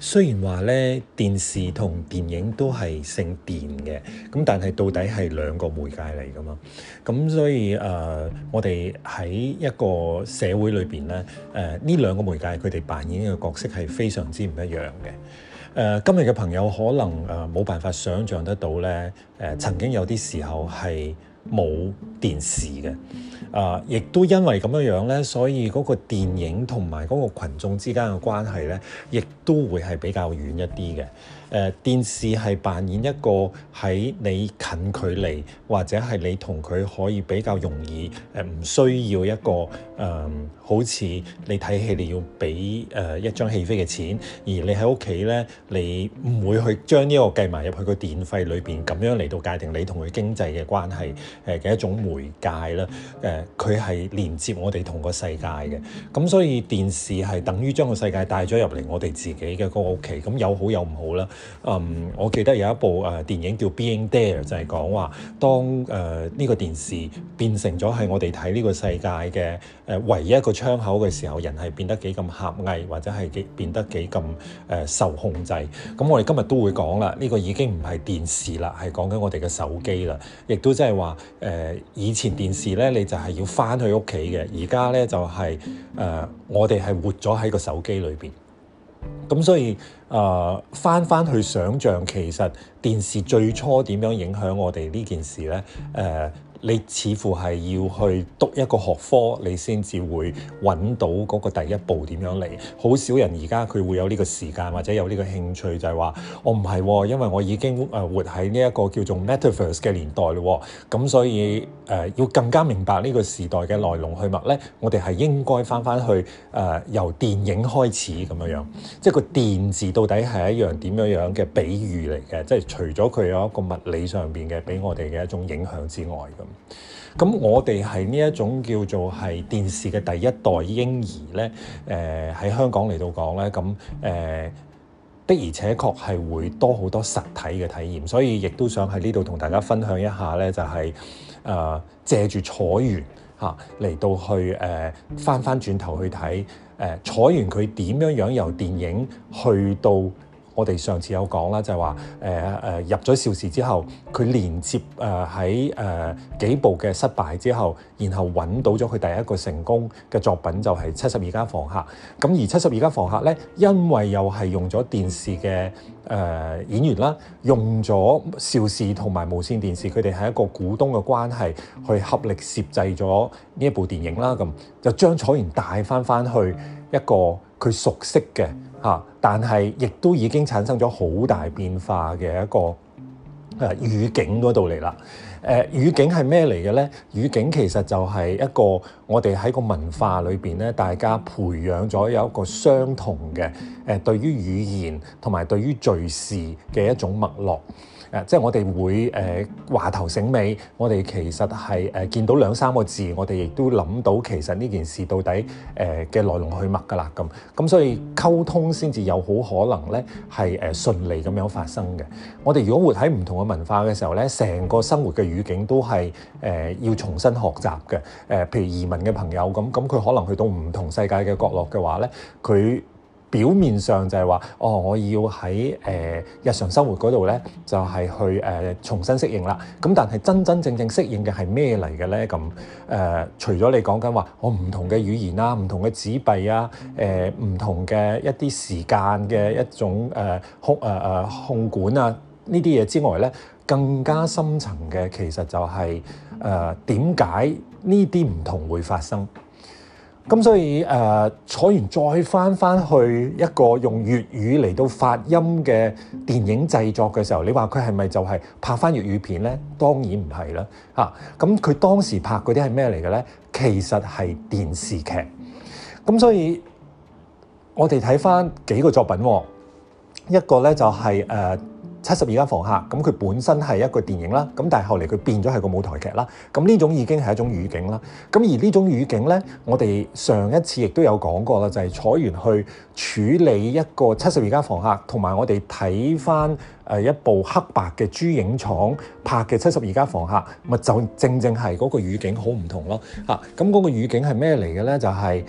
雖然話咧電視同電影都係姓電嘅，咁但係到底係兩個媒介嚟㗎嘛？咁所以誒、呃，我哋喺一個社會裏邊咧，誒、呃、呢兩個媒介佢哋扮演嘅角色係非常之唔一樣嘅。誒、呃、今日嘅朋友可能誒冇、呃、辦法想像得到咧，誒、呃、曾經有啲時候係，冇電視嘅，啊、呃，亦都因為咁樣樣咧，所以嗰個電影同埋嗰個群眾之間嘅關係咧，亦都會係比較遠一啲嘅。誒、呃，電視係扮演一個喺你近距離或者係你同佢可以比較容易誒，唔需要一個。嗯、好似你睇戲，你要俾、呃、一張戲飛嘅錢，而你喺屋企咧，你唔會去將呢個計埋入去個電費裏面，咁樣嚟到界定你同佢經濟嘅關係，嘅一種媒介啦。佢、呃、係連接我哋同個世界嘅，咁所以電視係等於將個世界帶咗入嚟我哋自己嘅個屋企，咁有好有唔好啦。嗯，我記得有一部電影叫 Being There，說說《Being There》呃，就係講話當呢個電視變成咗係我哋睇呢個世界嘅。誒唯一一個窗口嘅時候，人係變得幾咁狹隘，或者係幾變得幾咁誒受控制。咁我哋今日都會講啦，呢、這個已經唔係電視啦，係講緊我哋嘅手機啦。亦都即係話誒，以前電視咧，你就係要翻去屋企嘅，而家咧就係、是、誒、呃，我哋係活咗喺個手機裏邊。咁所以誒，翻、呃、翻去想像，其實電視最初點樣影響我哋呢件事咧？誒、呃。你似乎係要去讀一個學科，你先至會揾到嗰個第一步點樣嚟。好少人而家佢會有呢個時間或者有呢個興趣就是說，就係話我唔係，因為我已經誒活喺呢一個叫做 metaverse 嘅年代咯。咁所以誒、呃、要更加明白呢個時代嘅來龍去脈咧，我哋係應該翻翻去誒、呃、由電影開始咁樣樣，即係個電字到底係一樣點樣樣嘅比喻嚟嘅，即係除咗佢有一個物理上邊嘅俾我哋嘅一種影響之外。咁我哋係呢一種叫做係電視嘅第一代嬰兒咧，誒、呃、喺香港嚟到講咧，咁誒、呃、的而且確係會多好多實體嘅體驗，所以亦都想喺呢度同大家分享一下咧，就係誒借住彩園吓嚟到去誒翻、呃、翻轉頭去睇誒彩園佢點樣樣由電影去到。我哋上次有講啦，就係話誒誒入咗邵氏之後，佢連接誒喺誒幾部嘅失敗之後，然後揾到咗佢第一個成功嘅作品就係、是《七十二家房客》。咁而《七十二家房客》咧，因為又係用咗電視嘅誒、呃、演員啦，用咗邵氏同埋無線電視，佢哋係一個股東嘅關係去合力攝製咗呢一部電影啦。咁就將楚原帶翻翻去一個佢熟悉嘅。嚇！但係亦都已經產生咗好大變化嘅一個誒語境嗰度嚟啦。誒語境係咩嚟嘅咧？語境其實就係一個我哋喺個文化裏邊咧，大家培養咗有一個相同嘅誒對於語言同埋對於敘事嘅一種脈絡。即係我哋會誒、呃、話頭醒尾，我哋其實係誒、呃、見到兩三個字，我哋亦都諗到其實呢件事到底嘅來、呃、龍去脈㗎啦。咁咁所以溝通先至有好可能咧，係、呃、順利咁樣發生嘅。我哋如果活喺唔同嘅文化嘅時候咧，成個生活嘅語境都係、呃、要重新學習嘅、呃。譬如移民嘅朋友咁，咁佢可能去到唔同世界嘅角落嘅話咧，佢。表面上就係話，哦，我要喺誒、呃、日常生活嗰度咧，就係、是、去誒、呃、重新適應啦。咁但係真真正正適應嘅係咩嚟嘅咧？咁誒、呃，除咗你講緊話我唔同嘅語言啦、啊、唔同嘅紙幣啊、誒、呃、唔同嘅一啲時間嘅一種誒、呃、控誒誒、呃、控管啊呢啲嘢之外咧，更加深層嘅其實就係誒點解呢啲唔同會發生？咁所以誒、呃，楚原再翻翻去一個用粵語嚟到發音嘅電影製作嘅時候，你話佢係咪就係拍翻粵語片咧？當然唔係啦，吓、啊，咁佢當時拍嗰啲係咩嚟嘅咧？其實，係電視劇。咁所以，我哋睇翻幾個作品喎，一個咧就係、是、誒。呃七十二家房客，咁佢本身係一個電影啦，咁但係後嚟佢變咗係個舞台劇啦，咁呢種已經係一種語境啦。咁而呢種語境呢，我哋上一次亦都有講過啦，就係、是、楚原去處理一個七十二家房客，同埋我哋睇返。誒一部黑白嘅珠影廠拍嘅七十二家房客，咪就正正係嗰個語境好唔同咯嚇。咁、那、嗰個語境係咩嚟嘅呢？就係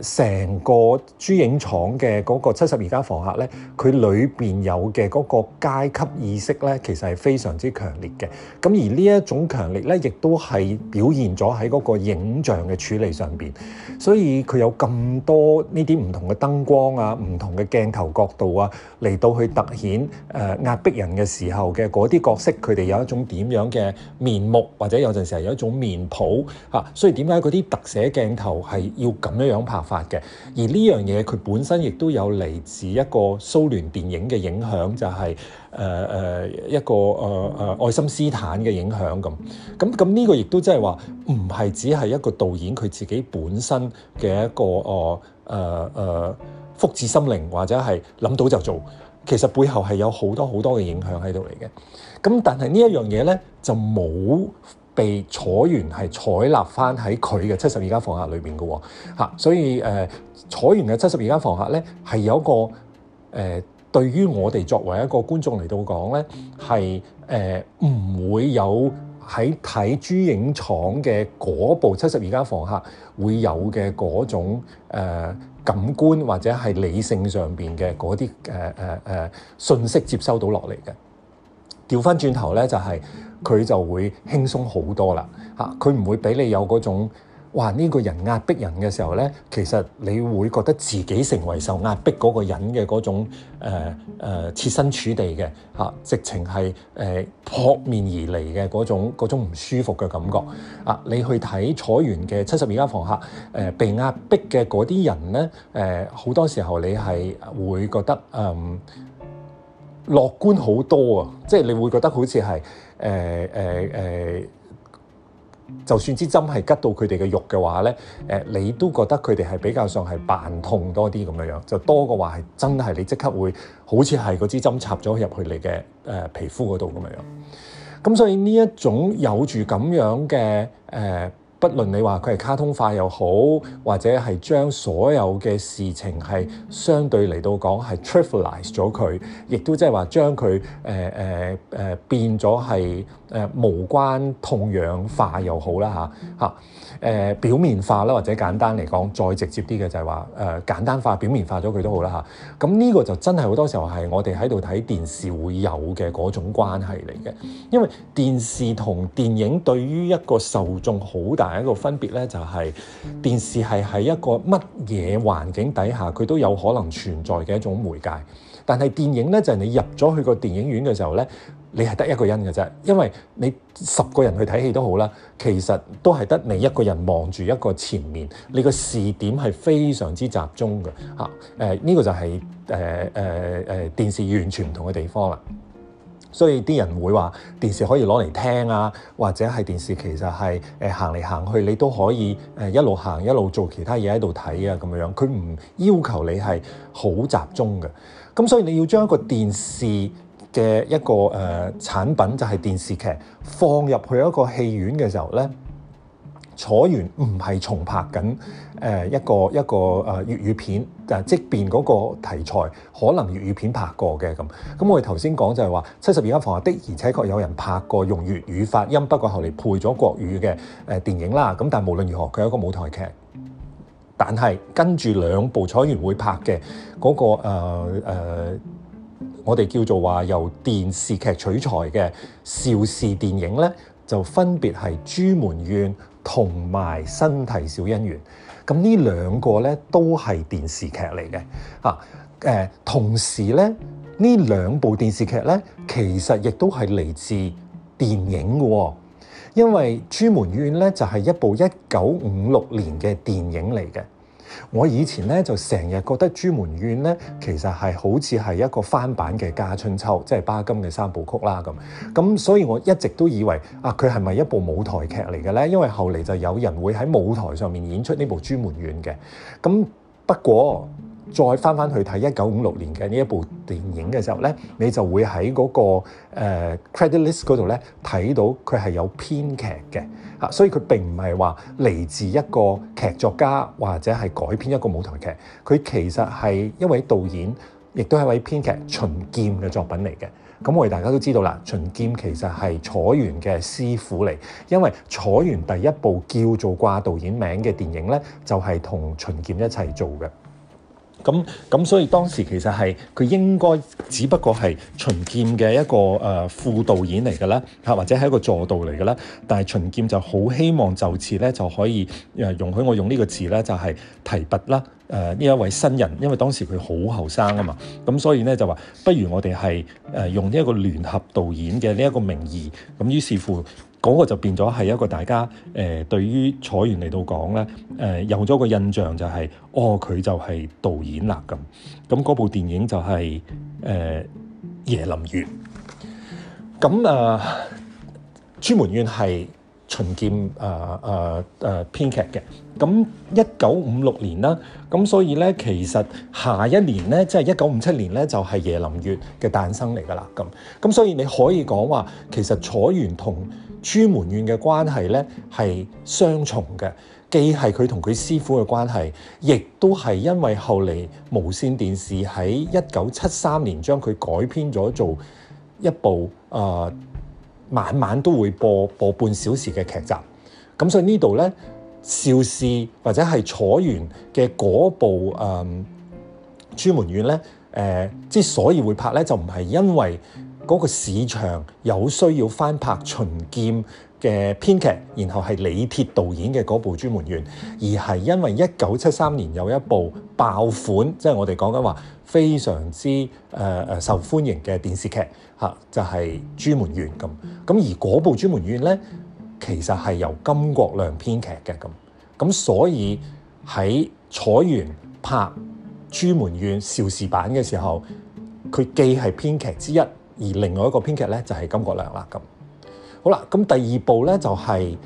誒成個珠影廠嘅嗰個七十二家房客呢，佢裏邊有嘅嗰個階級意識呢，其實係非常之強烈嘅。咁而呢一種強烈呢，亦都係表現咗喺嗰個影像嘅處理上邊。所以佢有咁多呢啲唔同嘅燈光啊、唔同嘅鏡頭角度啊，嚟到去突顯誒。呃壓迫人嘅時候嘅嗰啲角色，佢哋有一種點樣嘅面目，或者有陣時候有一種面譜嚇、啊。所以點解嗰啲特寫鏡頭係要咁樣樣拍法嘅？而呢樣嘢佢本身亦都有嚟自一個蘇聯電影嘅影響，就係誒誒一個誒誒、呃呃、愛森斯坦嘅影響咁。咁咁呢個亦都即係話唔係只係一個導演佢自己本身嘅一個哦誒誒福至心靈，或者係諗到就做。其實背後係有好多好多嘅影響喺度嚟嘅，咁但係呢一樣嘢咧就冇被楚原係採納翻喺佢嘅七十二間房客裏邊嘅喎，吓！所以誒，楚原嘅七十二間房客咧係有一個誒、呃，對於我哋作為一個觀眾嚟到講咧，係誒唔會有喺睇珠影廠嘅嗰部七十二間房客會有嘅嗰種、呃感官或者係理性上邊嘅嗰啲誒誒誒信息接收到落嚟嘅，調翻轉頭咧就係、是、佢就會輕鬆好多啦吓，佢唔會俾你有嗰種。哇！呢、這個人壓迫人嘅時候咧，其實你會覺得自己成為受壓迫嗰個人嘅嗰種誒、呃呃、切身處地嘅嚇、啊，直情係誒撲面而嚟嘅嗰種嗰種唔舒服嘅感覺啊！你去睇楚原嘅七十二家房客誒、呃、被壓迫嘅嗰啲人咧誒，好、呃、多時候你係會覺得嗯樂、呃、觀好多啊！即係你會覺得好似係誒誒誒。呃呃呃就算支針係拮到佢哋嘅肉嘅話咧，誒、呃、你都覺得佢哋係比較上係扮痛多啲咁樣樣，就多嘅話係真係你即刻會好似係嗰支針插咗入去你嘅誒、呃、皮膚嗰度咁樣樣。咁所以呢一種有住咁樣嘅誒。呃不論你話佢係卡通化又好，或者係將所有嘅事情係相對嚟到講係 trivialize 咗佢，亦都即係話將佢誒誒變咗係誒無關痛癢化又好啦、嚇嚇誒、呃、表面化啦，或者簡單嚟講，再直接啲嘅就係話誒簡單化、表面化咗佢都好啦嚇。咁呢個就真係好多時候係我哋喺度睇電視會有嘅嗰種關係嚟嘅，因為電視同電影對於一個受眾好大一個分別咧，就係、是、電視係喺一個乜嘢環境底下，佢都有可能存在嘅一種媒介。但係電影咧，就係你入咗去個電影院嘅時候咧，你係得一個人嘅啫，因為你十個人去睇戲都好啦，其實都係得你一個人望住一個前面，你個視點係非常之集中嘅嚇。誒呢個就係誒誒誒電視完全唔同嘅地方啦。所以啲人會話電視可以攞嚟聽啊，或者係電視其實係誒行嚟行去，你都可以誒一路行一路做其他嘢喺度睇啊，咁樣樣，佢唔要求你係好集中嘅。咁所以你要將一個電視嘅一個誒、呃、產品就係、是、電視劇放入去一個戲院嘅時候咧，坐完唔係重拍緊。誒一個一個誒粵語片，誒，即便嗰個題材可能粵語片拍過嘅咁，咁我哋頭先講就係話七十二家房客的，的而且確有人拍過用粵語發音，不過後嚟配咗國語嘅誒電影啦。咁但係無論如何，佢有個舞台劇，但係跟住兩部楚原會拍嘅嗰、那個誒、呃呃、我哋叫做話由電視劇取材嘅邵氏電影呢，就分別係《朱門怨》同埋《新啼笑姻緣》。咁呢兩個咧都係電視劇嚟嘅嚇，誒、啊呃、同時咧，呢兩部電視劇咧其實亦都係嚟自電影嘅、哦，因為《朱門怨》咧就係、是、一部一九五六年嘅電影嚟嘅。我以前咧就成日覺得《朱門怨》咧，其實係好似係一個翻版嘅《家春秋》，即係巴金嘅三部曲啦咁。咁所以我一直都以為啊，佢係咪一部舞台劇嚟嘅咧？因為後嚟就有人會喺舞台上面演出呢部《朱門怨》嘅。咁不過，再翻翻去睇一九五六年嘅呢一部電影嘅時候呢，你就會喺嗰、那個、呃、credit list 嗰度呢睇到佢係有編劇嘅，吓，所以佢並唔係話嚟自一個劇作家或者係改編一個舞台劇，佢其實係一位導演，亦都係位編劇秦劍嘅作品嚟嘅。咁我哋大家都知道啦，秦劍其實係楚原嘅師傅嚟，因為楚原第一部叫做掛導演名嘅電影呢，就係、是、同秦劍一齊做嘅。咁咁所以當時其實係佢應該只不過係秦劍嘅一個誒、呃、副導演嚟嘅啦，嚇或者係一個助導嚟嘅啦。但係秦劍就好希望就此咧就可以誒容許我用這個呢個字咧，就係、是、提拔啦誒呢一位新人，因為當時佢好後生啊嘛。咁所以咧就話不如我哋係誒用呢一個聯合導演嘅呢一個名義。咁於是乎。嗰個就變咗係一個大家誒、呃，對於楚原嚟到講咧誒，有咗個印象就係、是、哦，佢就係導演啦。咁咁嗰部電影就係、是、誒《椰、呃、林月》。咁啊，《朱門怨》係秦劍啊啊啊編劇嘅。咁一九五六年啦，咁所以咧，其實下一年咧，即係一九五七年咧，就係、是《椰、就是、林月》嘅誕生嚟噶啦。咁咁，所以你可以講話其實楚原同朱門怨嘅關係咧係雙重嘅，既係佢同佢師傅嘅關係，亦都係因為後嚟無線電視喺一九七三年將佢改編咗做一部誒晚晚都會播播半小時嘅劇集。咁所以這裡呢度咧，邵氏或者係楚原嘅嗰部誒朱門怨咧，誒之所以會拍咧，就唔係因為，嗰個市場有需要翻拍《秦劍》嘅編劇，然後係李鐵導演嘅嗰部《朱門怨》，而係因為一九七三年有一部爆款，即、就、係、是、我哋講緊話非常之誒誒、呃、受歡迎嘅電視劇嚇，就係《朱門怨》。咁咁。而嗰部《朱門怨》呢，其實係由金國亮編劇嘅咁咁，所以喺楚原拍《朱門怨》邵氏版嘅時候，佢既係編劇之一。而另外一個編劇咧就係、是、金國良啦，咁好啦，咁第二部咧就係、是《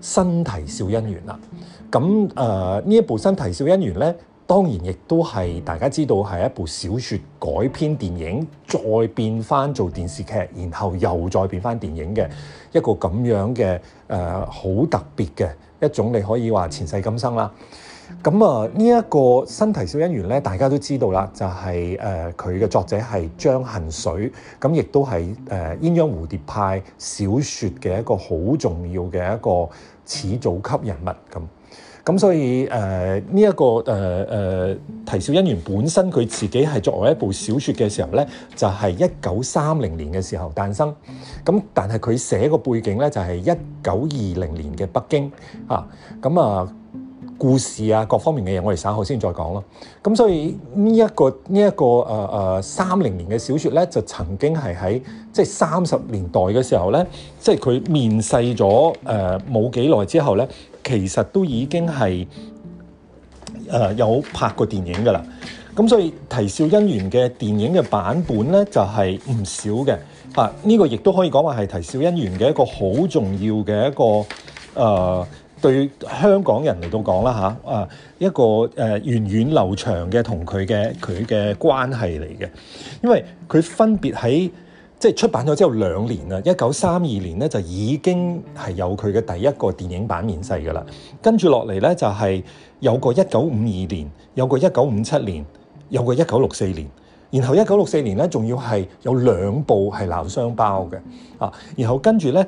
新啼笑因緣》啦，咁誒呢一部《新啼笑因緣》咧，當然亦都係大家知道係一部小說改編電影，再變翻做電視劇，然後又再變翻電影嘅一個咁樣嘅誒好特別嘅一種，你可以話前世今生啦。咁啊，呢、這、一個新啼笑因緣咧，大家都知道啦，就係誒佢嘅作者係張恨水，咁、嗯、亦都係誒鴛鴦蝴蝶派小説嘅一個好重要嘅一個始祖級人物咁。咁、嗯嗯嗯、所以誒呢一個誒誒啼笑因緣本身佢自己係作為一部小説嘅時候咧，就係一九三零年嘅時候誕生。咁、嗯、但係佢寫個背景咧就係一九二零年嘅北京啊。咁、嗯、啊～故事啊，各方面嘅嘢，我哋稍後先再講啦。咁所以呢一、這個呢一、這個誒誒、呃、三零年嘅小說咧，就曾經係喺即係三十年代嘅時候咧，即係佢面世咗誒冇幾耐之後咧，其實都已經係誒、呃、有拍過電影噶啦。咁所以《啼笑因緣》嘅電影嘅版本咧，就係、是、唔少嘅。啊，呢、這個亦都可以講話，係啼笑因緣嘅一個好重要嘅一個誒。呃對香港人嚟到講啦嚇，啊，一個誒源遠流長嘅同佢嘅佢嘅關係嚟嘅，因為佢分別喺即係出版咗之後兩年啦，一九三二年咧就已經係有佢嘅第一個電影版面世噶啦，跟住落嚟咧就係、是、有個一九五二年，有個一九五七年，有個一九六四年，然後一九六四年咧仲要係有兩部係鬧雙包嘅啊，然後跟住咧。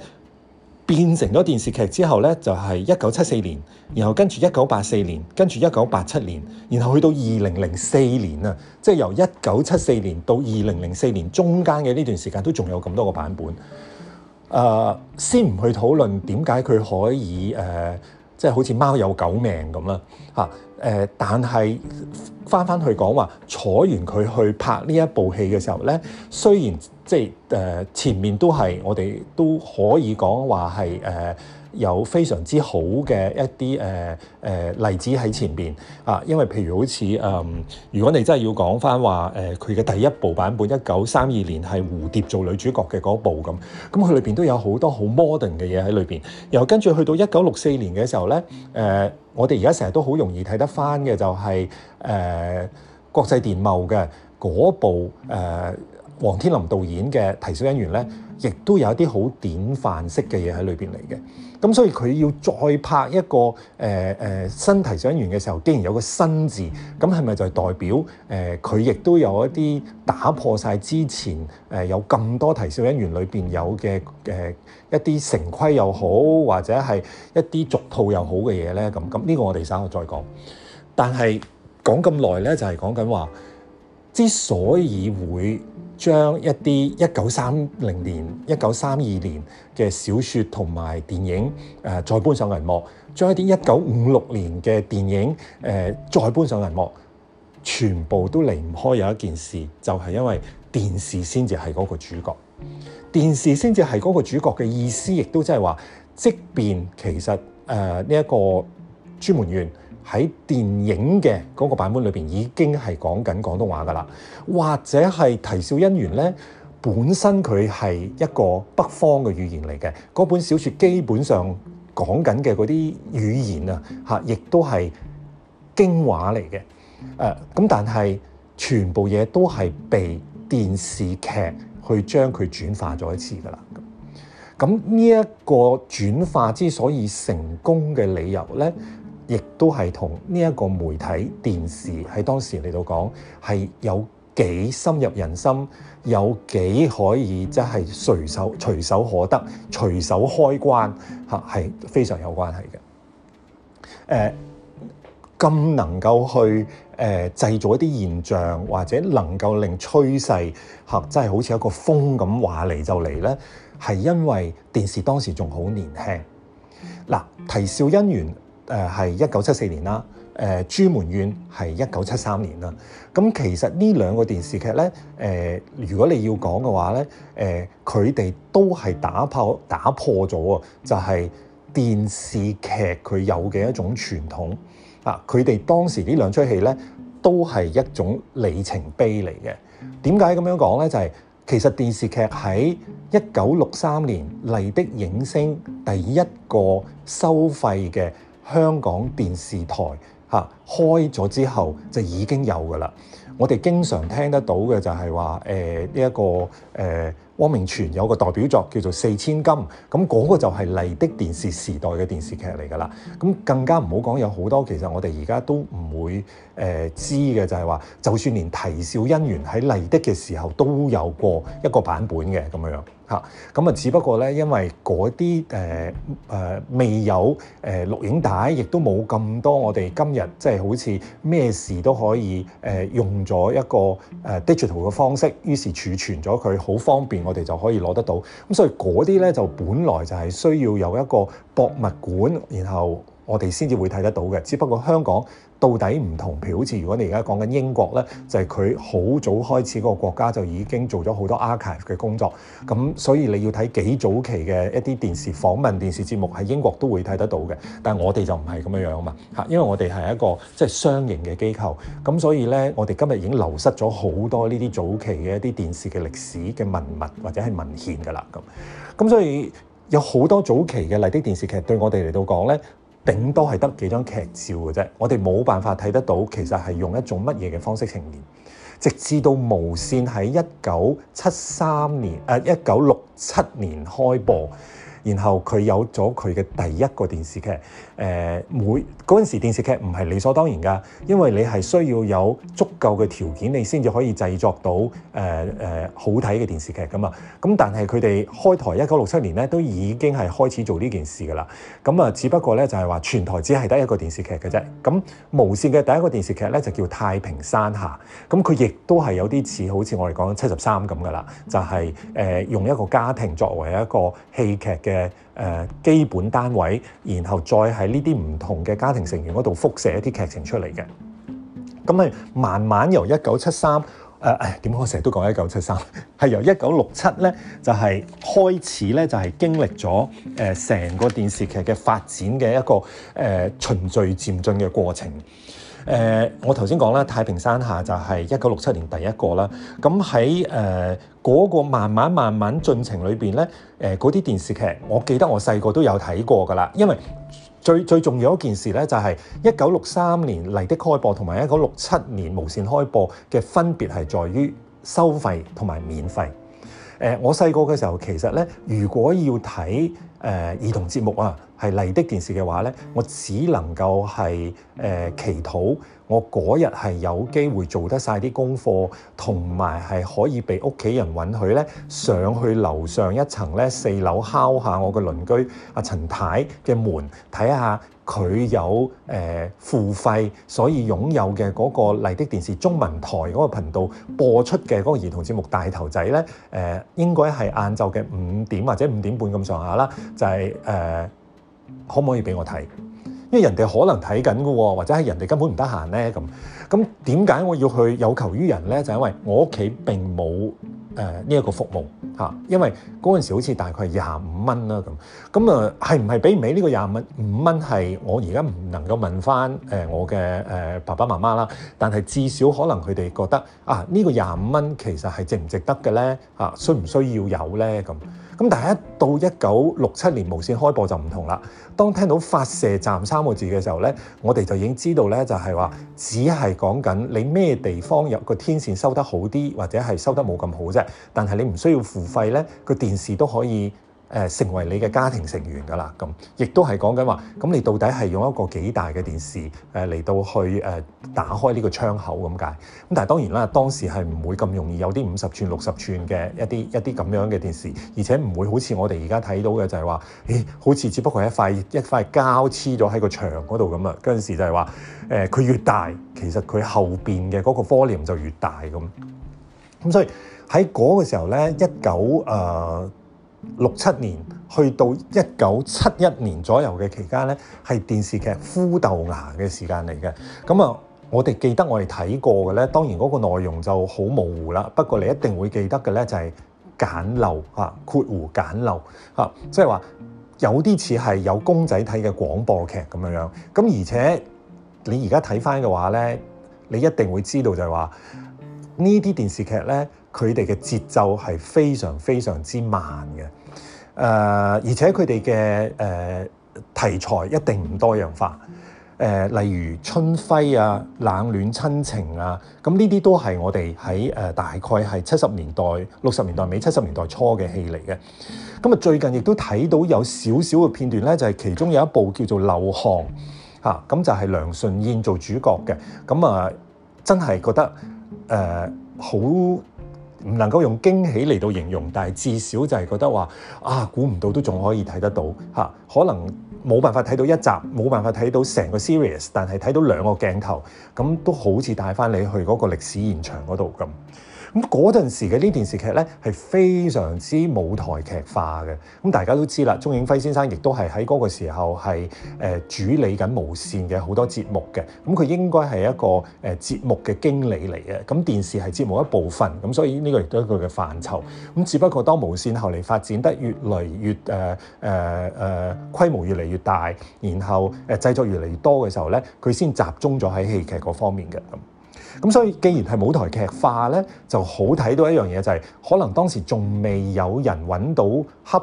變成咗電視劇之後呢，就係一九七四年，然後跟住一九八四年，跟住一九八七年，然後去到二零零四年啊，即係由一九七四年到二零零四年中間嘅呢段時間，都仲有咁多個版本。呃、先唔去討論點解佢可以誒、呃，即係好似貓有狗命咁啦、啊呃、但係翻翻去講話，坐完佢去拍呢一部戲嘅時候呢，雖然。即係誒、呃、前面都係我哋都可以講話係誒有非常之好嘅一啲誒誒例子喺前邊啊，因為譬如好似誒、呃，如果你真係要講翻話誒佢嘅第一部版本一九三二年係蝴蝶做女主角嘅嗰部咁，咁佢裏邊都有好多好 modern 嘅嘢喺裏邊。然後跟住去到一九六四年嘅時候咧，誒、呃、我哋而家成日都好容易睇得翻嘅就係、是、誒、呃、國際電懋嘅嗰部誒。呃王天林導演嘅啼笑因緣咧，亦都有一啲好典範式嘅嘢喺裏邊嚟嘅。咁所以佢要再拍一個誒誒、呃呃、新啼笑因緣嘅時候，竟然有個新字，咁係咪就係代表誒佢亦都有一啲打破晒之前誒、呃、有咁多啼笑因緣裏邊有嘅誒、呃、一啲成規又好，或者係一啲俗套又好嘅嘢咧？咁咁呢個我哋稍後再講。但係講咁耐咧，就係、是、講緊話之所以會。將一啲一九三零年、一九三二年嘅小説同埋電影，誒、呃、再搬上銀幕；將一啲一九五六年嘅電影，誒、呃、再搬上銀幕，全部都離唔開有一件事，就係、是、因為電視先至係嗰個主角，電視先至係嗰個主角嘅意思，亦都即係話，即便其實誒呢一個朱門怨。喺電影嘅嗰個版本裏邊已經係講緊廣東話噶啦，或者係《啼笑姻緣》咧本身佢係一個北方嘅語言嚟嘅，嗰本小説基本上講緊嘅嗰啲語言啊嚇，亦都係京話嚟嘅。誒，咁但係全部嘢都係被電視劇去將佢轉化咗一次噶啦。咁呢一個轉化之所以成功嘅理由咧？亦都係同呢一個媒體電視喺當時嚟到講係有幾深入人心，有幾可以即係隨手隨手可得、隨手開關嚇，係非常有關係嘅。誒、呃、咁能夠去誒製、呃、造一啲現象，或者能夠令趨勢嚇即係好似一個風咁話嚟就嚟呢，係因為電視當時仲好年輕嗱、呃。提笑姻緣啼笑因緣。誒係一九七四年啦。誒，《朱門怨》係一九七三年啦。咁其實呢兩個電視劇呢，誒、呃，如果你要講嘅話呢，誒、呃，佢哋都係打炮打破咗啊，就係電視劇佢有嘅一種傳統啊。佢哋當時呢兩齣戲呢，都係一種里程碑嚟嘅。點解咁樣講呢？就係、是、其實電視劇喺一九六三年《麗的映聲》第一個收費嘅。香港電視台吓開咗之後就已經有噶啦。我哋經常聽得到嘅就係話誒呢一個誒、呃、汪明荃有個代表作叫做《四千金》，咁、那、嗰個就係麗的電視時代嘅電視劇嚟噶啦。咁更加唔好講有好多，其實我哋而家都唔會誒、呃、知嘅，就係話就算連啼笑因緣喺麗的嘅時候都有過一個版本嘅咁樣。嚇！咁啊，只不過咧，因為嗰啲誒誒未有誒、呃、錄影帶，亦都冇咁多。我哋今日即係好似咩事都可以誒、呃、用咗一個誒、呃、digital 嘅方式，於是儲存咗佢，好方便我哋就可以攞得到。咁所以嗰啲咧就本來就係需要有一個博物館，然後我哋先至會睇得到嘅。只不過香港。到底唔同，譬如好似如果你而家講緊英國咧，就係佢好早開始個國家就已經做咗好多 archive 嘅工作，咁所以你要睇幾早期嘅一啲電視訪問電視節目，喺英國都會睇得到嘅。但係我哋就唔係咁樣樣啊嘛吓，因為我哋係一個即係雙贏嘅機構，咁所以咧，我哋今日已經流失咗好多呢啲早期嘅一啲電視嘅歷史嘅文物或者係文獻㗎啦咁。咁所以有好多早期嘅麗的電視劇對我哋嚟到講咧。頂多係得幾張劇照嘅啫，我哋冇辦法睇得到，其實係用一種乜嘢嘅方式呈現，直至到無線喺一九七三年，誒一九六七年開播，然後佢有咗佢嘅第一個電視劇。誒每嗰陣時電視劇唔係理所當然噶，因為你係需要有足夠嘅條件，你先至可以製作到誒誒、呃呃、好睇嘅電視劇噶嘛。咁但係佢哋開台一九六七年咧，都已經係開始做呢件事噶啦。咁啊，只不過咧就係、是、話全台只係得一個電視劇嘅啫。咁無線嘅第一個電視劇咧就叫《太平山下》。咁佢亦都係有啲似好似我哋講七十三咁噶啦，就係、是、誒、呃、用一個家庭作為一個戲劇嘅。誒、呃、基本單位，然後再喺呢啲唔同嘅家庭成員嗰度輻射一啲劇情出嚟嘅。咁係慢慢由一九七三誒誒點講？成、哎、日都講一九七三，係由一九六七咧就係、是、開始咧就係、是、經歷咗誒成個電視劇嘅發展嘅一個誒、呃、循序漸進嘅過程。誒、呃，我頭先講啦，太平山下就係一九六七年第一個啦。咁喺誒嗰個慢慢慢慢進程裏邊咧，誒嗰啲電視劇，我記得我細個都有睇過噶啦。因為最最重要的一件事咧，就係一九六三年麗的開播同埋一九六七年無線開播嘅分別係在於收費同埋免費。誒、呃，我細個嘅時候其實咧，如果要睇誒、呃、兒童節目啊。係麗的電視嘅話呢，我只能夠係誒祈禱，我嗰日係有機會做得晒啲功課，同埋係可以被屋企人允許呢，上去樓上一層呢四樓敲下我嘅鄰居阿陳太嘅門，睇下佢有誒、呃、付費，所以擁有嘅嗰個麗的電視中文台嗰個頻道播出嘅嗰個兒童節目大頭仔呢，誒、呃、應該係晏晝嘅五點或者五點半咁上下啦，就係、是、誒。呃可唔可以俾我睇？因為人哋可能睇緊嘅喎，或者係人哋根本唔得閒咧咁。咁點解我要去有求於人咧？就因為我屋企並冇誒呢一個服務嚇、啊。因為嗰陣時好似大概係廿五蚊啦咁。咁啊，係唔係俾唔起呢個廿五蚊五蚊係我而家唔能夠問翻誒、呃、我嘅誒、呃、爸爸媽媽啦？但係至少可能佢哋覺得啊，呢、呢個廿五蚊其實係值唔值得嘅咧嚇，需唔需要有咧咁？啊。咁但係一到一九六七年無線開播就唔同啦。當聽到發射站三個字嘅時候呢，我哋就已經知道呢，就係話只係講緊你咩地方有個天線收得好啲，或者係收得冇咁好啫。但係你唔需要付費呢，個電視都可以。誒、呃、成為你嘅家庭成員㗎啦，咁亦都係講緊話，咁、啊、你到底係用一個幾大嘅電視誒嚟、呃、到去誒、呃、打開呢個窗口咁解？咁但係當然啦，當時係唔會咁容易有啲五十寸、六十寸嘅一啲一啲咁樣嘅電視，而且唔會好似我哋而家睇到嘅就係話，咦、哎？好似只不過係一塊一塊膠黐咗喺個牆嗰度咁啊！嗰陣時就係話，誒、呃、佢越大，其實佢後邊嘅嗰個 volume 就越大咁。咁所以喺嗰個時候呢，一九誒，六七年去到一九七一年左右嘅期間呢，係電視劇孵豆芽嘅時間嚟嘅。咁啊，我哋記得我哋睇過嘅呢，當然嗰個內容就好模糊啦。不過你一定會記得嘅呢，就係簡陋嚇括弧簡陋嚇、啊，即係話有啲似係有公仔睇嘅廣播劇咁樣樣。咁、啊、而且你而家睇返嘅話呢，你一定會知道就係話呢啲電視劇呢，佢哋嘅節奏係非常非常之慢嘅。誒，而且佢哋嘅誒題材一定唔多樣化，誒，例如春暉啊、冷暖親情啊，咁呢啲都係我哋喺誒大概係七十年代、六十年代尾、七十年代初嘅戲嚟嘅。咁啊，最近亦都睇到有少少嘅片段咧，就係其中有一部叫做《流汗》，嚇，咁就係、是、梁舜燕做主角嘅。咁啊，真係覺得誒好。呃很唔能夠用驚喜嚟到形容，但係至少就係覺得話啊，估唔到都仲可以睇得到嚇，可能冇辦法睇到一集，冇辦法睇到成個 series，但係睇到兩個鏡頭，咁都好似帶翻你去嗰個歷史現場嗰度咁。咁嗰陣時嘅呢電視劇咧係非常之舞台劇化嘅。咁大家都知啦，鍾景輝先生亦都係喺嗰個時候係誒、呃、主理緊無線嘅好多節目嘅。咁、嗯、佢應該係一個誒、呃、節目嘅經理嚟嘅。咁、嗯、電視係節目嘅一部分，咁、嗯、所以呢個亦都係佢嘅範疇。咁、嗯、只不過當無線後嚟發展得越嚟越誒誒誒規模越嚟越大，然後誒、呃、製作越嚟越多嘅時候咧，佢先集中咗喺戲劇嗰方面嘅咁。咁所以，既然係舞台劇化咧，就好睇到一樣嘢就係、是，可能當時仲未有人揾到恰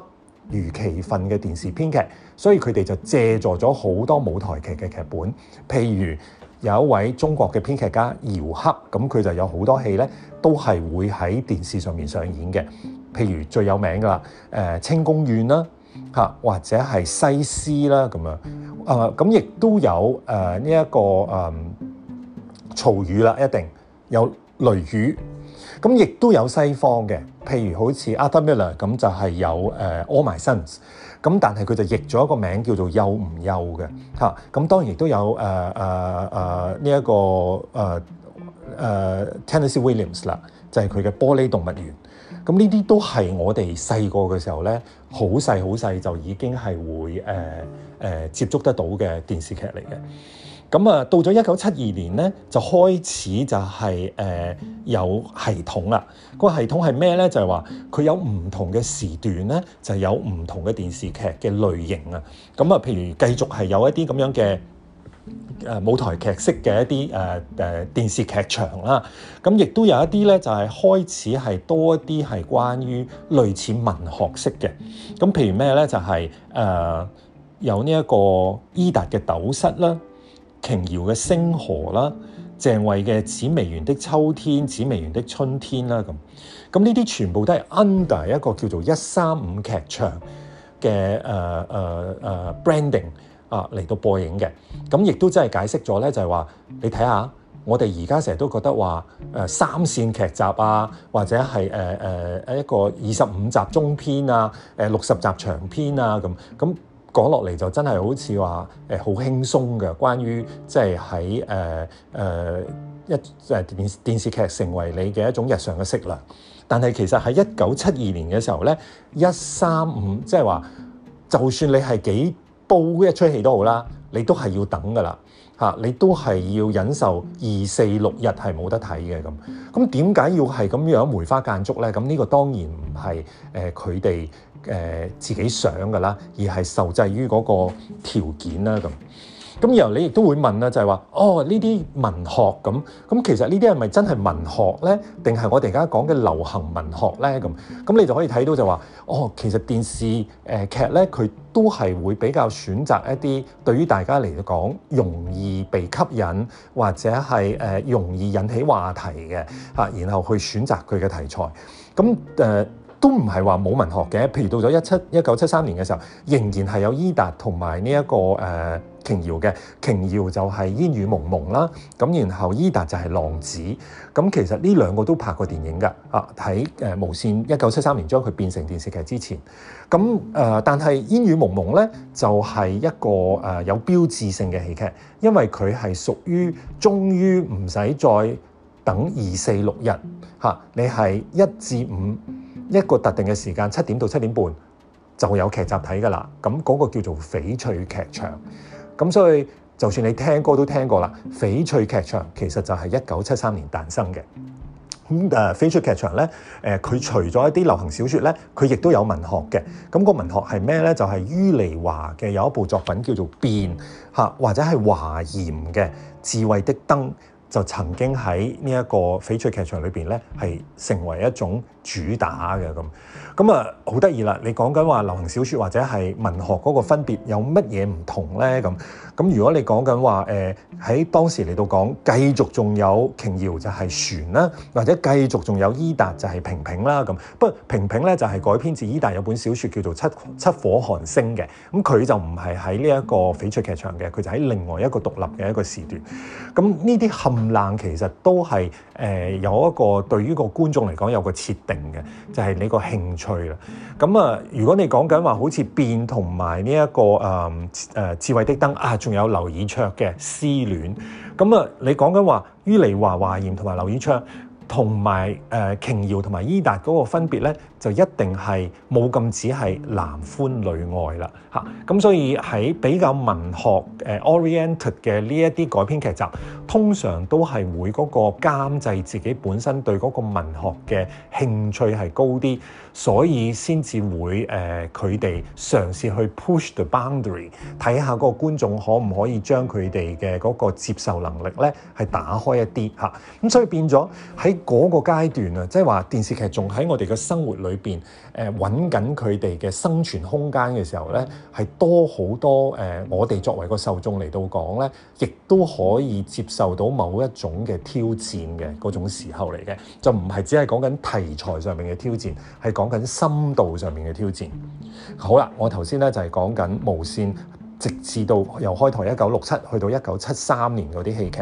如其分嘅電視編劇，所以佢哋就借助咗好多舞台劇嘅劇本。譬如有一位中國嘅編劇家姚克，咁佢就有好多戲咧，都係會喺電視上面上演嘅。譬如最有名噶啦，誒、呃《清宮怨》啦，嚇或者係《西施》啦咁樣，誒咁亦都有呢一、呃這個、呃曹禺啦，一定有雷雨，咁亦都有西方嘅，譬如好似 Arthur Miller 咁就係有、uh, All My Sons 咁，但係佢就譯咗一個名叫做優唔優嘅，嚇、啊，咁當然亦都有誒誒誒呢一個誒誒 Tennessee Williams 啦，就係佢嘅玻璃動物園，咁呢啲都係我哋細個嘅時候咧，好細好細就已經係會誒誒、啊啊、接觸得到嘅電視劇嚟嘅。咁啊，到咗一九七二年咧，就開始就係、是、誒、呃、有系統啦。個系統係咩咧？就係話佢有唔同嘅時段咧，就有唔同嘅電視劇嘅類型啊。咁啊，譬如繼續係有一啲咁樣嘅誒、呃、舞台劇式嘅一啲誒誒電視劇場啦。咁亦都有一啲咧，就係、是、開始係多一啲係關於類似文學式嘅。咁譬如咩咧？就係、是、誒、呃、有呢一個伊達嘅斗室啦。瓊瑤嘅星河啦，鄭慧嘅《紫薇園的秋天》《紫薇園的春天》啦，咁咁呢啲全部都係 under 一個叫做一三五劇場嘅誒誒、呃、誒、呃呃、branding 啊嚟到播映嘅，咁亦都真係解釋咗咧，就係、是、話你睇下，我哋而家成日都覺得話誒、呃、三線劇集啊，或者係誒誒誒一個二十五集中篇啊，誒六十集長篇啊咁咁。講落嚟就真係好似話誒好輕鬆嘅，關於即係喺誒誒一誒電電視劇成為你嘅一種日常嘅食糧。但係其實喺一九七二年嘅時候咧，一三五即係話，就算你係幾煲一出戲都好啦，你都係要等㗎啦，嚇你都係要忍受二四六日係冇得睇嘅咁。咁點解要係咁樣梅花間竹咧？咁呢個當然唔係誒佢哋。呃呃、自己想嘅啦，而係受制於嗰個條件啦，咁咁然後你亦都會問啦，就係、是、話哦呢啲文學咁咁其實呢啲係咪真係文學咧？定係我哋而家講嘅流行文學咧？咁咁你就可以睇到就話哦，其實電視劇咧，佢、呃、都係會比較選擇一啲對於大家嚟講容易被吸引或者係、呃、容易引起話題嘅、啊、然後去選擇佢嘅題材咁誒。都唔係話冇文學嘅，譬如到咗一七一九七三年嘅時候，仍然係有伊達同埋呢一個誒瓊、呃、瑤嘅瓊瑤就係、是、煙雨蒙蒙啦。咁然後伊達就係浪子咁，其實呢兩個都拍過電影㗎啊。喺誒無線一九七三年將佢變成電視劇之前咁誒、呃，但係煙雨蒙蒙咧就係、是、一個誒、呃、有標誌性嘅戲劇，因為佢係屬於終於唔使再等二四六日嚇、啊，你係一至五。一個特定嘅時間，七點到七點半就有劇集睇㗎啦。咁、那、嗰個叫做翡翠劇場。咁所以就算你聽歌都聽過啦。翡翠劇場其實就係一九七三年誕生嘅。咁、嗯、誒、呃、翡翠劇場咧，誒、呃、佢除咗一啲流行小説咧，佢亦都有文學嘅。咁、那個文學係咩咧？就係於梨華嘅有一部作品叫做《變》嚇，或者係華嚴嘅《智慧的燈》。就曾經喺呢一個翡翠劇場裏邊咧，係成為一種主打嘅咁。咁啊，好得意啦！你講緊話流行小說或者係文學嗰個分別有乜嘢唔同咧？咁咁，如果你講緊話誒喺當時嚟到講，繼續仲有瓊瑤就係船啦，或者繼續仲有伊達就係萍萍啦咁。不過萍萍咧就係、是、改編自伊達有本小說叫做《七七火寒星》嘅，咁佢就唔係喺呢一個翡翠劇場嘅，佢就喺另外一個獨立嘅一個時段。咁呢啲冷其實都係誒有一個對於個觀眾嚟講有個設定嘅，就係、是、你個興趣啦。咁啊，如果你講緊話好似變同埋呢一個誒誒、呃、智慧的燈啊，仲有劉以鬯嘅私戀。咁啊，你講緊話於梨華、華嚴同埋劉以鬯，同埋誒瓊瑤同埋依達嗰個分別咧？就一定係冇咁只係男歡女愛啦吓，咁所以喺比較文學誒 oriented 嘅呢一啲改編劇集，通常都係會個監製自己本身對個文學嘅興趣係高啲，所以先至會誒佢哋嘗試去 push the boundary，睇下個觀眾可唔可以將佢哋嘅個接受能力咧係打開一啲吓，咁所以變咗喺嗰個階段啊，即係話電視劇仲喺我哋嘅生活裏。裏邊誒，搵緊佢哋嘅生存空間嘅時候咧，係多好多誒，我哋作為個受眾嚟到講咧，亦都可以接受到某一種嘅挑戰嘅嗰種時候嚟嘅，就唔係只係講緊題材上面嘅挑戰，係講緊深度上面嘅挑戰。好啦，我頭先咧就係講緊無綫，直至到由開台一九六七去到一九七三年嗰啲戲劇。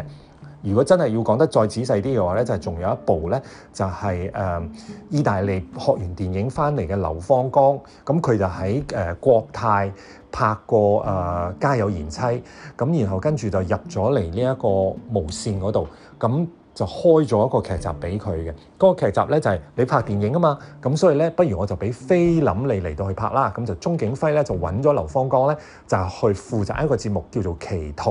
如果真係要講得再仔細啲嘅話呢，就係、是、仲有一部呢，就係、是、誒、呃、意大利學完電影翻嚟嘅劉芳剛，咁佢就喺誒、呃、國泰拍過、呃、《家有賢妻》，咁然後跟住就入咗嚟呢一個無線嗰度，咁就開咗一個劇集俾佢嘅。嗰、那個劇集呢，就係、是、你拍電影啊嘛，咁所以呢，不如我就俾菲林你嚟到去拍啦。咁就鍾景輝呢，就揾咗劉芳剛呢，就去負責一個節目叫做《祈禱》。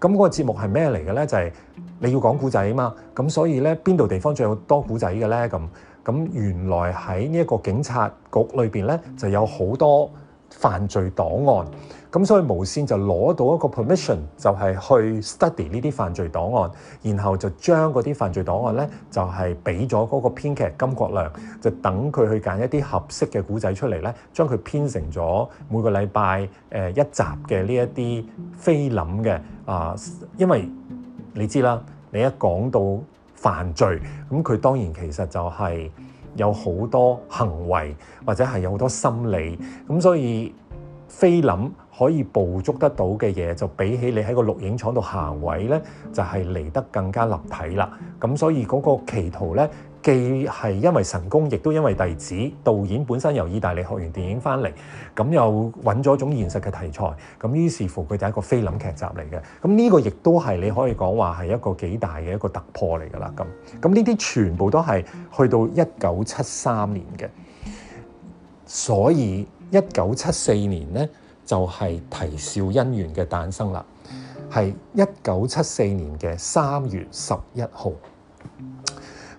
咁、那個個節目係咩嚟嘅呢？就係、是你要講故仔啊嘛，咁所以咧邊度地方最有多故仔嘅咧？咁咁原來喺呢一個警察局裏邊咧，就有好多犯罪檔案，咁所以無線就攞到一個 permission，就係去 study 呢啲犯罪檔案，然後就將嗰啲犯罪檔案咧，就係俾咗嗰個編劇金國亮，就等佢去揀一啲合適嘅古仔出嚟咧，將佢編成咗每個禮拜誒、呃、一集嘅呢一啲菲林嘅啊，因為。你知啦，你一講到犯罪，咁佢當然其實就係有好多行為，或者係有好多心理，咁所以菲林可以捕捉得到嘅嘢，就比起你喺個錄影廠度行位咧，就係、是、嚟得更加立體啦。咁所以嗰個歧途咧。既係因為神功，亦都因為弟子。導演本身由意大利學完電影翻嚟，咁又揾咗一種現實嘅題材，咁於是乎佢就係一個菲林劇集嚟嘅。咁呢個亦都係你可以講話係一個幾大嘅一個突破嚟㗎啦。咁咁呢啲全部都係去到一九七三年嘅，所以一九七四年呢，就係《啼笑因緣》嘅誕生啦，係一九七四年嘅三月十一號。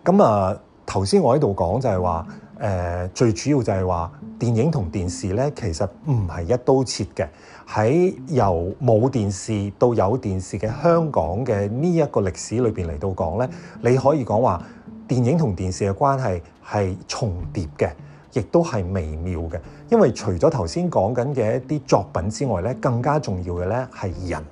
咁啊，頭先、嗯、我喺度講就係話，誒、呃、最主要就係話，電影同電視咧其實唔係一刀切嘅。喺由冇電視到有電視嘅香港嘅呢一個歷史裏邊嚟到講咧，你可以講話電影同電視嘅關係係重疊嘅，亦都係微妙嘅。因為除咗頭先講緊嘅一啲作品之外咧，更加重要嘅咧係人。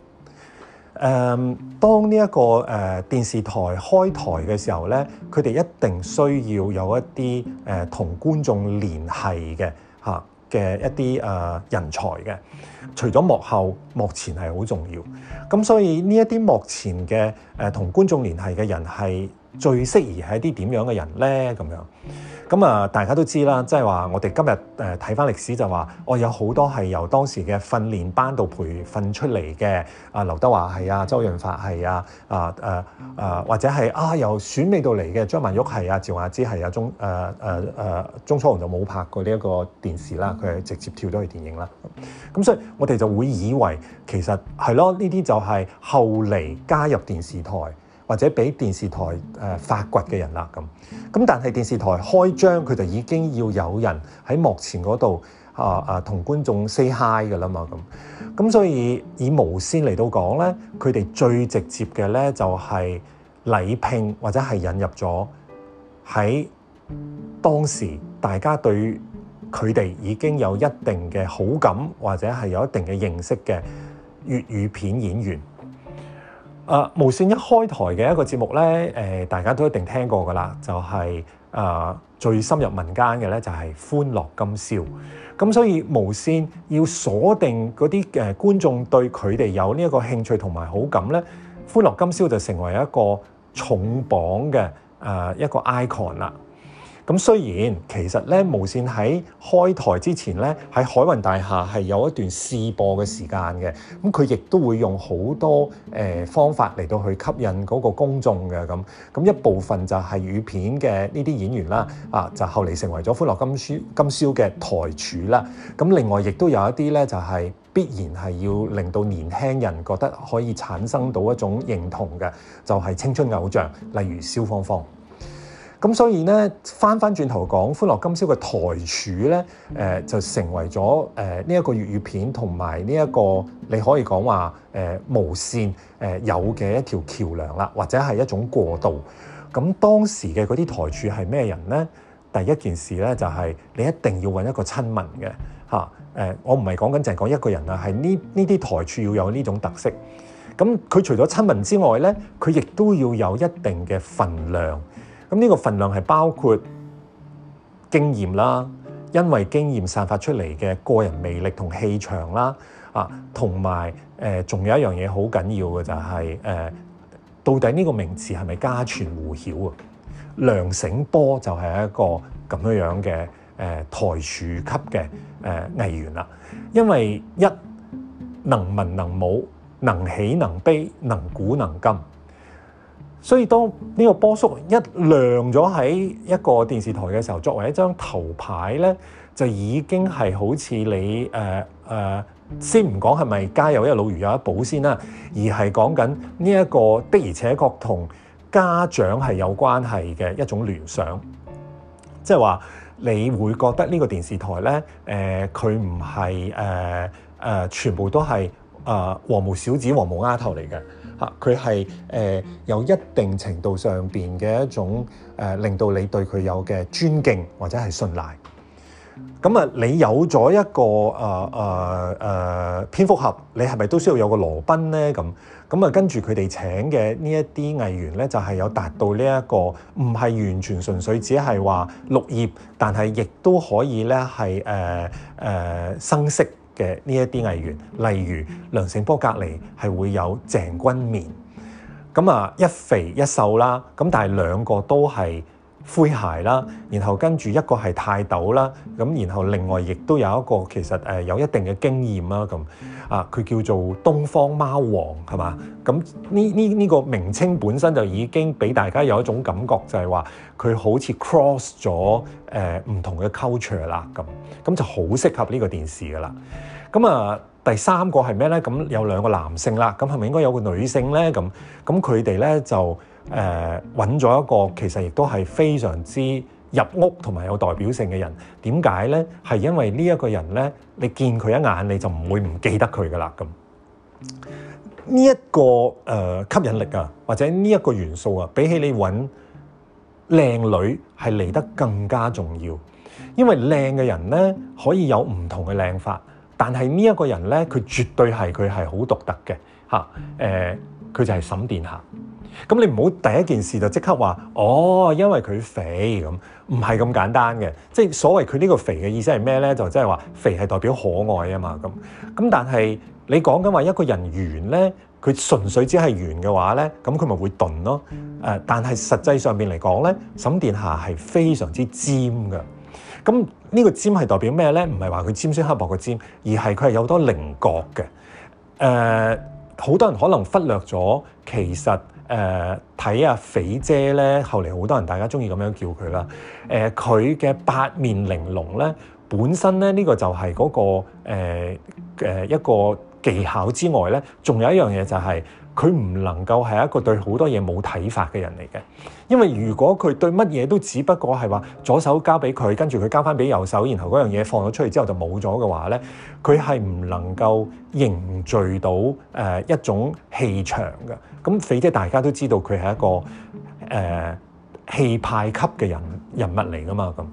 誒，um, 當呢、這、一個誒、呃、電視台開台嘅時候咧，佢哋一定需要有一啲誒、呃、同觀眾聯繫嘅嚇嘅一啲誒、呃、人才嘅。除咗幕後，幕前係好重要。咁所以呢一啲幕前嘅誒、呃、同觀眾聯繫嘅人，是最適是麼人呢，係最適宜係一啲點樣嘅人咧？咁樣。咁啊、嗯，大家都知啦，即係話我哋今日睇翻歷史就話，哦，有好多係由當時嘅訓練班度培訓出嚟嘅啊，劉德華係啊，周潤發係啊，啊，啊或者係啊，由選美到嚟嘅張曼玉係啊，趙雅芝係啊，鐘誒誒誒，鐘楚紅就冇拍過呢一個電視啦，佢係直接跳咗去電影啦。咁、嗯嗯、所以我哋就會以為其實係咯，呢啲就係後嚟加入電視台或者俾電視台誒發掘嘅人啦，咁，咁但係電視台開張，佢就已經要有人喺幕前嗰度啊啊同觀眾 say hi 嘅啦嘛，咁，咁所以以無線嚟到講咧，佢哋最直接嘅咧，就係禮聘或者係引入咗喺當時大家對佢哋已經有一定嘅好感或者係有一定嘅認識嘅粵語片演員。誒、呃、無線一開台嘅一個節目呢，誒、呃、大家都一定聽過噶啦，就係、是、誒、呃、最深入民間嘅呢，就係歡樂今宵。咁所以無線要鎖定嗰啲誒觀眾對佢哋有呢一個興趣同埋好感呢，「歡樂今宵」就成為一個重磅嘅誒一個 icon 啦。咁雖然其實咧無線喺開台之前咧喺海運大廈係有一段試播嘅時間嘅，咁佢亦都會用好多、呃、方法嚟到去吸引嗰個公眾嘅咁，咁一部分就係語片嘅呢啲演員啦，啊就後嚟成為咗歡樂今宵今宵嘅台柱啦，咁另外亦都有一啲咧就係、是、必然係要令到年輕人覺得可以產生到一種認同嘅，就係、是、青春偶像，例如蕭芳芳。咁所以咧，翻翻轉頭講《歡樂今宵》嘅台柱咧，誒、呃、就成為咗誒呢一個粵語片同埋呢一個你可以講話誒、呃、無線誒、呃、有嘅一條橋梁啦，或者係一種過渡。咁當時嘅嗰啲台柱係咩人咧？第一件事咧就係、是、你一定要揾一個親民嘅嚇誒。我唔係講緊淨係講一個人啊，係呢呢啲台柱要有呢種特色。咁佢除咗親民之外咧，佢亦都要有一定嘅份量。咁呢個份量係包括經驗啦，因為經驗散發出嚟嘅個人魅力同氣場啦，啊，同埋誒，仲、呃、有一樣嘢好緊要嘅就係、是、誒、呃，到底呢個名詞係咪家傳戶曉啊？梁醒波就係一個咁樣樣嘅誒台柱級嘅誒藝員啦，因為一能文能武，能喜能悲，能古能今。所以當呢個波叔一亮咗喺一個電視台嘅時候，作為一張頭牌咧，就已經係好似你誒誒、呃呃，先唔講係咪家有一老，如有一寶先啦，而係講緊呢一個的而且確同家長係有關係嘅一種聯想，即係話你會覺得呢個電視台咧，誒佢唔係誒誒全部都係啊黃毛小子、黃毛丫頭嚟嘅。嚇佢係誒有一定程度上邊嘅一種誒、呃，令到你對佢有嘅尊敬或者係信賴。咁啊，你有咗一個誒誒誒蝙蝠俠，你係咪都需要有個羅賓咧？咁咁啊，跟住佢哋請嘅呢一啲藝員咧，就係、是、有達到呢、這、一個唔係完全純粹只係話綠葉，但係亦都可以咧係誒誒生色。嘅呢一啲藝員，例如梁醒波隔離係會有鄭君綿，咁啊一肥一瘦啦，咁但係兩個都係，灰諧啦，然後跟住一個係泰斗啦，咁然後另外亦都有一個其實誒有一定嘅經驗啦咁，啊佢叫做東方貓王係嘛？咁呢呢呢個名稱本身就已經俾大家有一種感覺就係，佢呃、就係話佢好似 cross 咗誒唔同嘅 culture 啦咁，咁就好適合呢個電視噶啦。咁啊第三個係咩咧？咁有兩個男性啦，咁係咪應該有個女性咧？咁咁佢哋咧就。誒揾咗一個其實亦都係非常之入屋同埋有代表性嘅人，點解咧？係因為呢一個人咧，你見佢一眼你就唔會唔記得佢噶啦咁。呢、這、一個誒、呃、吸引力啊，或者呢一個元素啊，比起你揾靚女係嚟得更加重要，因為靚嘅人咧可以有唔同嘅靚法，但係呢一個人咧，佢絕對係佢係好獨特嘅嚇。誒，佢、呃、就係沈殿霞。咁你唔好第一件事就即刻話哦，因為佢肥咁，唔係咁簡單嘅。即係所謂佢呢個肥嘅意思係咩咧？就即係話肥係代表可愛啊嘛。咁咁，但係你講緊話一個人圓咧，佢純粹只係圓嘅話咧，咁佢咪會頓咯？呃、但係實際上面嚟講咧，沈殿霞係非常之尖嘅。咁呢個尖係代表咩咧？唔係話佢尖酸刻薄嘅尖，而係佢係有多稜角嘅。呃、好多人可能忽略咗，其實。誒睇阿肥姐咧，後嚟好多人大家中意咁樣叫佢啦。誒佢嘅八面玲瓏咧，本身咧呢、這個就係嗰、那個誒、呃呃、一個技巧之外咧，仲有一樣嘢就係、是。佢唔能夠係一個對好多嘢冇睇法嘅人嚟嘅，因為如果佢對乜嘢都只不過係話左手交俾佢，跟住佢交翻俾右手，然後嗰樣嘢放咗出去之後就冇咗嘅話咧，佢係唔能夠凝聚到誒、呃、一種氣場嘅。咁肥姐大家都知道佢係一個誒、呃、氣派級嘅人人物嚟㗎嘛咁。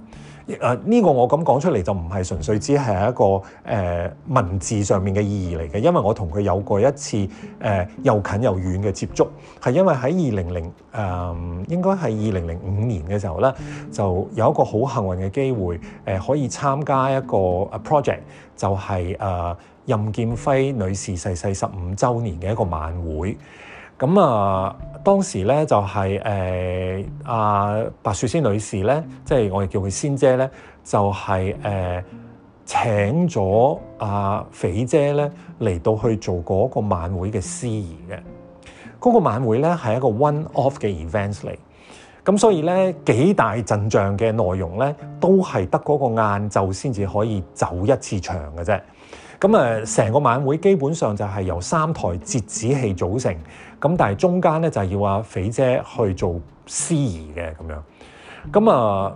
誒，呢個我咁講出嚟就唔係純粹只係一個誒、呃、文字上面嘅意義嚟嘅，因為我同佢有過一次誒、呃、又近又遠嘅接觸，係因為喺二零零誒應該係二零零五年嘅時候咧，就有一個好幸運嘅機會、呃、可以參加一個、A、project 就係、是、誒、呃、任劍輝女士逝世十五週年嘅一個晚會。咁啊，當時咧就係、是、誒、呃、啊白雪仙女士咧，即係我哋叫佢仙姐咧，就係、是、誒、呃、請咗啊肥姐咧嚟到去做嗰個晚會嘅司儀嘅。嗰個晚會咧係一個 one off 嘅 event 嚟，咁所以咧幾大陣仗嘅內容咧，都係得嗰個晏晝先至可以走一次場嘅啫。咁誒，成個晚會基本上就係由三台折子戲組成，咁但係中間咧就係要阿肥姐去做司儀嘅咁樣。咁啊，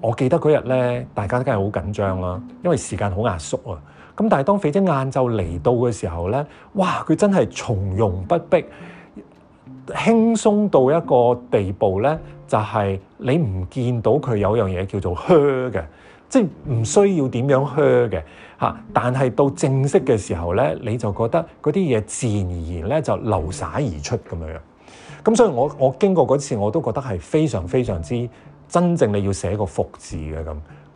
我記得嗰日咧，大家都梗係好緊張啦，因為時間好壓縮啊。咁但係當肥姐晏晝嚟到嘅時候咧，哇！佢真係從容不迫，輕鬆到一個地步咧，就係、是、你唔見到佢有樣嘢叫做靴嘅，即係唔需要點樣靴嘅。嚇！但係到正式嘅時候咧，你就覺得嗰啲嘢自然而然咧就流灑而出咁樣樣。咁所以我我經過嗰次，我都覺得係非常非常之真正你要寫個福字嘅咁。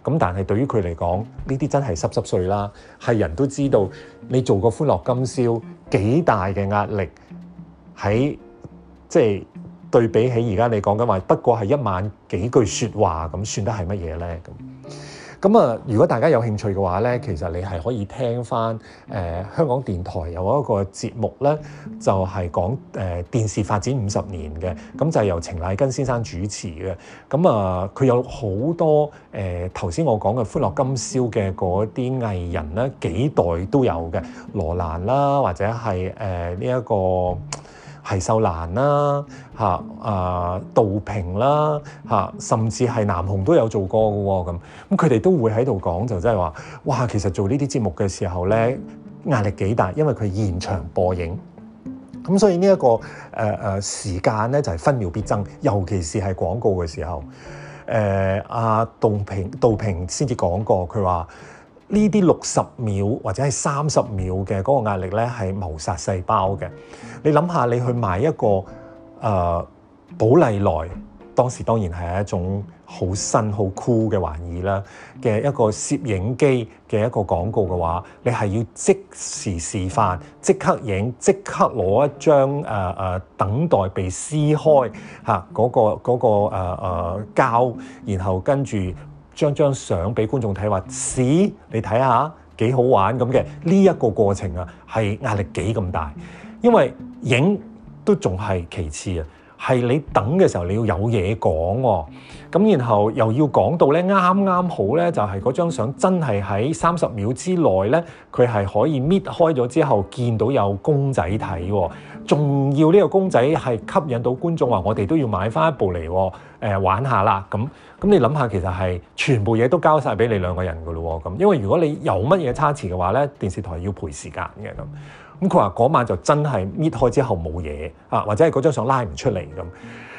咁但係對於佢嚟講，呢啲真係濕濕碎啦，係人都知道你做個歡樂今宵幾大嘅壓力，喺即係對比起而家你講緊話，不過係一晚幾句説話咁，算得係乜嘢咧咁？咁啊，如果大家有興趣嘅話咧，其實你係可以聽翻誒、呃、香港電台有一個節目咧，就係講誒電視發展五十年嘅，咁就係由程乃根先生主持嘅。咁啊，佢有好多誒頭先我講嘅歡樂今宵嘅嗰啲藝人啦，幾代都有嘅，羅蘭啦，或者係誒呢一個。係秀蘭啦嚇啊，啊，杜平啦嚇、啊，甚至係南紅都有做過嘅喎，咁咁，佢哋都會喺度講，就即係話哇，其實做呢啲節目嘅時候咧，壓力幾大，因為佢現場播映。」咁，所以呢、這、一個誒誒、呃、時間咧就係、是、分秒必爭，尤其是係廣告嘅時候。誒、呃、阿、啊、杜平杜平先至講過，佢話。呢啲六十秒或者係三十秒嘅嗰個壓力咧，係謀殺細胞嘅。你諗下，你去買一個誒、呃、寶麗來，當時當然係一種好新好酷嘅玩意啦。嘅一個攝影機嘅一個廣告嘅話，你係要即時示範，即刻影，即刻攞一張誒誒、呃、等待被撕開嚇嗰、啊那個嗰、那個誒、呃呃、膠，然後跟住。張張相俾觀眾睇，話：屎！你睇下幾好玩，咁嘅呢一個過程啊，係壓力幾咁大，因為影都仲係其次啊，係你等嘅時候你要有嘢講喎，咁然後又要講到咧啱啱好咧，就係嗰張相真係喺三十秒之內咧，佢係可以搣開咗之後見到有公仔睇喎、哦。仲要呢個公仔係吸引到觀眾，話我哋都要買翻一部嚟誒玩下啦。咁咁，你諗下，其實係全部嘢都交晒俾你兩個人噶咯。咁因為如果你有乜嘢差池嘅話咧，電視台要賠時間嘅咁。咁佢話嗰晚就真係搣開之後冇嘢啊，或者係嗰張相拉唔出嚟咁。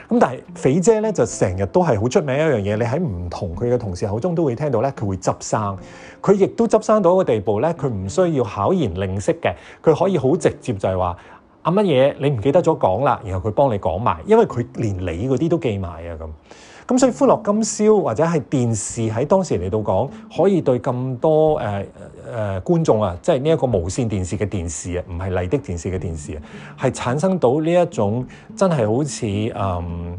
咁但係肥姐咧就成日都係好出名的一樣嘢，你喺唔同佢嘅同事口中都會聽到咧，佢會執生，佢亦都執生到一個地步咧，佢唔需要巧言令色嘅，佢可以好直接就係、係、話。阿乜嘢？你唔記得咗講啦，然後佢幫你講埋，因為佢連你嗰啲都記埋啊咁。咁所以歡樂今宵或者係電視喺當時嚟到講，可以對咁多誒誒、呃呃、觀眾啊，即係呢一個無線電視嘅電視啊，唔係麗的電視嘅電視啊，係產生到呢一種真係好似誒，嗯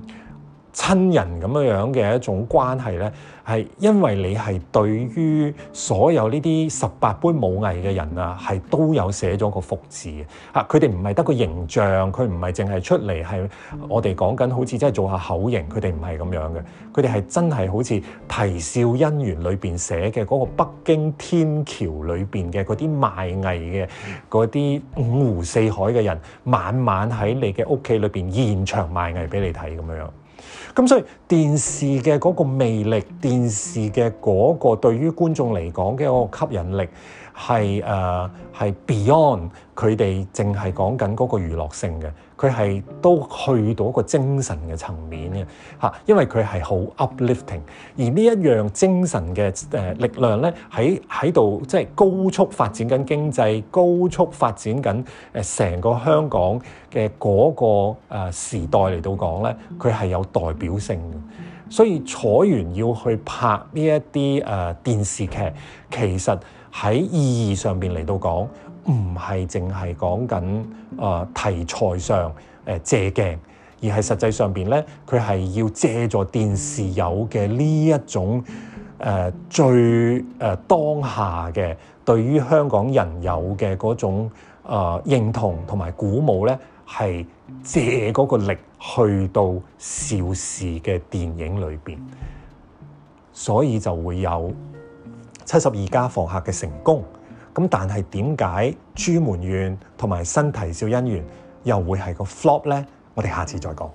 親人咁樣樣嘅一種關係咧，係因為你係對於所有呢啲十八般武藝嘅人啊，係都有寫咗個服字啊。佢哋唔係得個形象，佢唔係淨係出嚟係我哋講緊好似真係做下口型，佢哋唔係咁樣嘅。佢哋係真係好似《啼笑姻緣》裏邊寫嘅嗰個北京天橋裏邊嘅嗰啲賣藝嘅嗰啲五湖四海嘅人，晚晚喺你嘅屋企裏邊現場賣藝俾你睇咁樣。咁所以電視嘅嗰個魅力，電視嘅嗰個對於觀眾嚟講嘅嗰個吸引力係誒係，呃，beyond 佢哋淨係講緊嗰個娛樂性嘅。佢係都去到一個精神嘅層面嘅嚇，因為佢係好 uplifting，而呢一樣精神嘅誒力量咧，喺喺度即係高速發展緊經濟，高速發展緊誒成個香港嘅嗰個誒時代嚟到講咧，佢係有代表性嘅。所以楚原要去拍呢一啲誒電視劇，其實喺意義上邊嚟到講。唔係淨係講緊啊題材上誒借鏡，而係實際上邊咧，佢係要借助電視有嘅呢一種誒最誒當下嘅對於香港人有嘅嗰種啊認同同埋鼓舞咧，係借嗰個力去到邵氏嘅電影裏邊，所以就會有七十二家房客嘅成功。咁但係點解朱門怨同埋新啼笑因緣又會係個 flop 咧？我哋下次再講。